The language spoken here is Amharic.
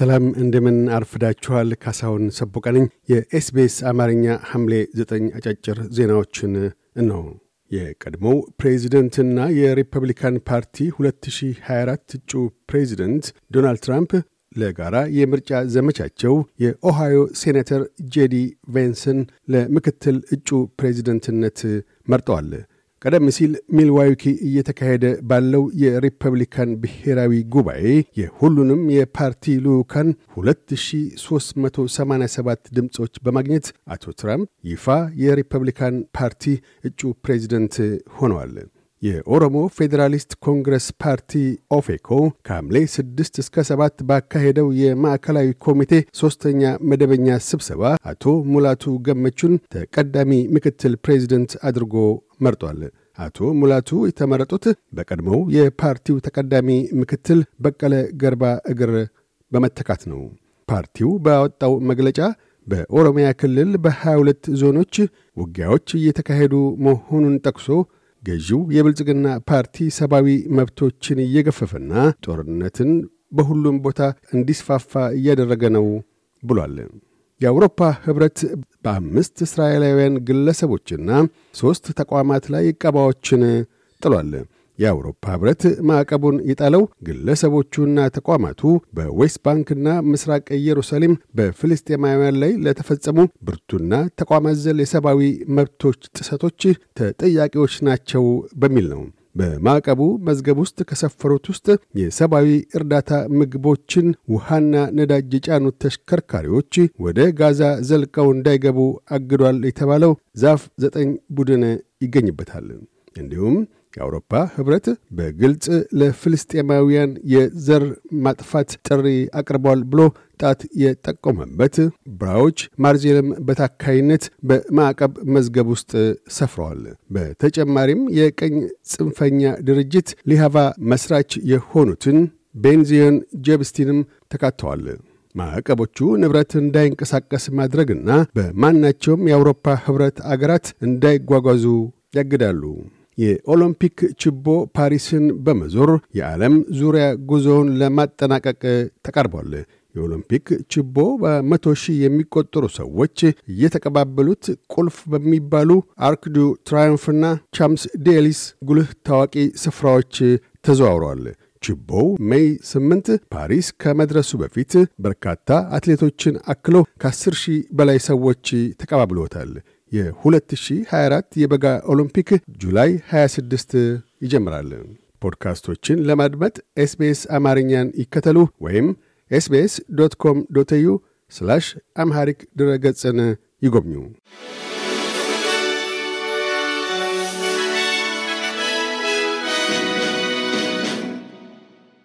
ሰላም እንደምን አርፍዳችኋል። ካሳሁን ሰቦቀነኝ የኤስቤስ የኤስቢኤስ አማርኛ ሐምሌ ዘጠኝ አጫጭር ዜናዎችን ነው። የቀድሞው ፕሬዚደንትና የሪፐብሊካን ፓርቲ 2024 እጩ ፕሬዚደንት ዶናልድ ትራምፕ ለጋራ የምርጫ ዘመቻቸው የኦሃዮ ሴኔተር ጄዲ ቬንስን ለምክትል እጩ ፕሬዚደንትነት መርጠዋል። ቀደም ሲል ሚልዋይኪ እየተካሄደ ባለው የሪፐብሊካን ብሔራዊ ጉባኤ የሁሉንም የፓርቲ ልዑካን 2387 ድምፆች በማግኘት አቶ ትራምፕ ይፋ የሪፐብሊካን ፓርቲ እጩ ፕሬዚደንት ሆነዋል። የኦሮሞ ፌዴራሊስት ኮንግረስ ፓርቲ ኦፌኮ ከሐምሌ 6 እስከ 7 ባካሄደው የማዕከላዊ ኮሚቴ ሦስተኛ መደበኛ ስብሰባ አቶ ሙላቱ ገመቹን ተቀዳሚ ምክትል ፕሬዚደንት አድርጎ መርጧል። አቶ ሙላቱ የተመረጡት በቀድሞው የፓርቲው ተቀዳሚ ምክትል በቀለ ገርባ እግር በመተካት ነው። ፓርቲው ባወጣው መግለጫ በኦሮሚያ ክልል በ22 ዞኖች ውጊያዎች እየተካሄዱ መሆኑን ጠቅሶ ገዢው የብልጽግና ፓርቲ ሰብአዊ መብቶችን እየገፈፈና ጦርነትን በሁሉም ቦታ እንዲስፋፋ እያደረገ ነው ብሏል። የአውሮፓ ኅብረት በአምስት እስራኤላውያን ግለሰቦችና ሦስት ተቋማት ላይ ቀባዎችን ጥሏል። የአውሮፓ ህብረት ማዕቀቡን የጣለው ግለሰቦቹና ተቋማቱ በዌስት ባንክና ምስራቅ ኢየሩሳሌም በፍልስጤማውያን ላይ ለተፈጸሙ ብርቱና ተቋማዘል የሰብአዊ መብቶች ጥሰቶች ተጠያቂዎች ናቸው በሚል ነው። በማዕቀቡ መዝገብ ውስጥ ከሰፈሩት ውስጥ የሰብአዊ እርዳታ ምግቦችን፣ ውሃና ነዳጅ የጫኑት ተሽከርካሪዎች ወደ ጋዛ ዘልቀው እንዳይገቡ አግዷል የተባለው ዛፍ ዘጠኝ ቡድን ይገኝበታል። እንዲሁም የአውሮፓ ህብረት በግልጽ ለፍልስጤማውያን የዘር ማጥፋት ጥሪ አቅርቧል ብሎ ጣት የጠቆመበት ብራዎች ማርዜልም በታካይነት በማዕቀብ መዝገብ ውስጥ ሰፍረዋል። በተጨማሪም የቀኝ ጽንፈኛ ድርጅት ሊሃቫ መስራች የሆኑትን ቤንዚዮን ጀብስቲንም ተካተዋል። ማዕቀቦቹ ንብረት እንዳይንቀሳቀስ ማድረግና በማናቸውም የአውሮፓ ህብረት አገራት እንዳይጓጓዙ ያግዳሉ። የኦሎምፒክ ችቦ ፓሪስን በመዞር የዓለም ዙሪያ ጉዞውን ለማጠናቀቅ ተቃርቧል። የኦሎምፒክ ችቦ በመቶ ሺህ የሚቆጠሩ ሰዎች እየተቀባበሉት ቁልፍ በሚባሉ አርክዱ ትራዮምፍና ቻምስ ዴሊስ ጉልህ ታዋቂ ስፍራዎች ተዘዋውረዋል። ችቦው ሜይ 8 ፓሪስ ከመድረሱ በፊት በርካታ አትሌቶችን አክሎ ከ10 ሺህ በላይ ሰዎች ተቀባብሎታል። የ2024 የበጋ ኦሎምፒክ ጁላይ 26 ይጀምራል። ፖድካስቶችን ለማድመጥ ኤስቤስ አማርኛን ይከተሉ ወይም ኤስቤስ ዶት ኮም ዶት ዩ ስላሽ አምሃሪክ ድረገጽን ይጎብኙ።